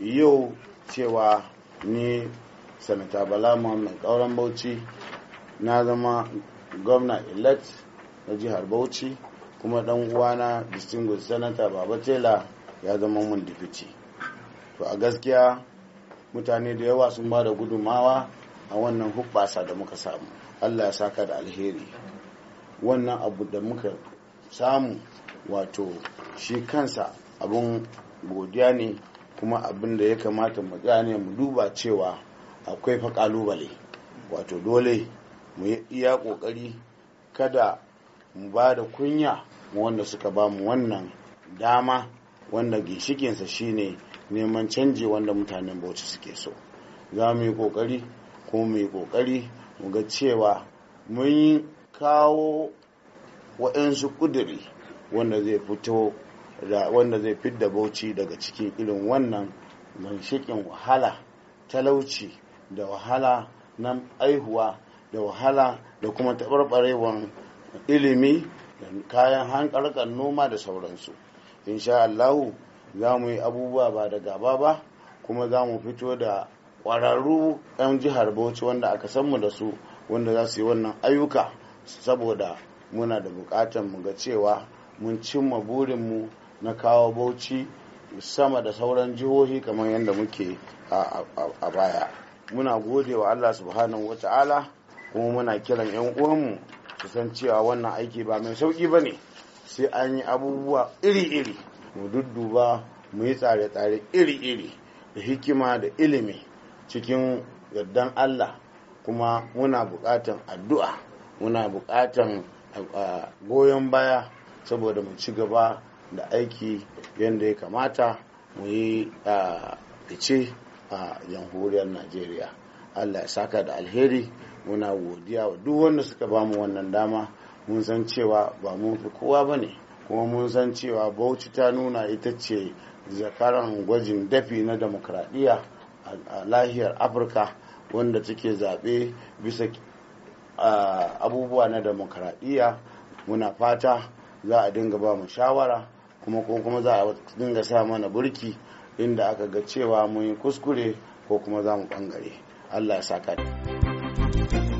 yau cewa ni sanata bala muhammad kauran bauchi na zama gwamna elect na jihar bauchi kuma dan uwana distinguished sanata baba tela ya zama mun dipiti to a gaskiya mutane da yawa sun ba da gudumawa a wannan hubbasa da muka samu allah ya saka da alheri wannan abu da muka samu wato shi kansa abun godiya ne kuma abin da ya kamata mu gane mu duba cewa akwai fa kalubale wato dole mu yi iya kokari kada mu ba da kunya mu wanda suka ba mu wannan dama wanda ginshikinsa shine neman canji wanda mutanen bauchi suke so za mu yi kokari ko mu yi kokari mu ga cewa mun kawo waɗansu ƙuduri wanda zai fito da wanda zai fidda bauchi daga cikin irin wannan manshikin wahala talauci da wahala na aihuwa da wahala da kuma taɓarɓarewar ilimi da kayan hankalkar noma da sauransu insha Allahu za mu yi abubuwa ba da gaba ba kuma za mu fito da ƙwararru 'yan jihar bauchi wanda aka sanmu da su wanda za su yi wannan ayyuka saboda muna da buƙatar mu ga cewa mun cimma burinmu na kawo bauchi sama da sauran jihohi kamar yadda muke a baya muna gode wa allah subhanahu wa ta'ala kuma muna kiran 'yan uwanmu su san cewa wannan aiki ba mai sauki ba ne sai an yi abubuwa iri-iri mu dudduba mu yi tsare-tsare iri-iri da hikima da ilimi cikin yardan allah kuma muna buƙatan addu'a muna buƙatan goyon baya saboda mu ci gaba da aiki yadda ya kamata mu yi fice a jamhuriyar najeriya allah ya saka da alheri muna godiya wa duk wanda suka bamu wannan dama mun san cewa ba mun fi kowa ba ne kuma mun san cewa bauchi ta nuna ita ce zakaran gwajin dafi na demokradiyya a lahiyar afirka wanda take zaɓe bisa abubuwa na demokradiyya muna fata za a dinga ba mu shawara kuma ko kuma za a dinga sa mana burki inda aka ga cewa mun yi kuskure ko kuma za mu bangare allah ya saka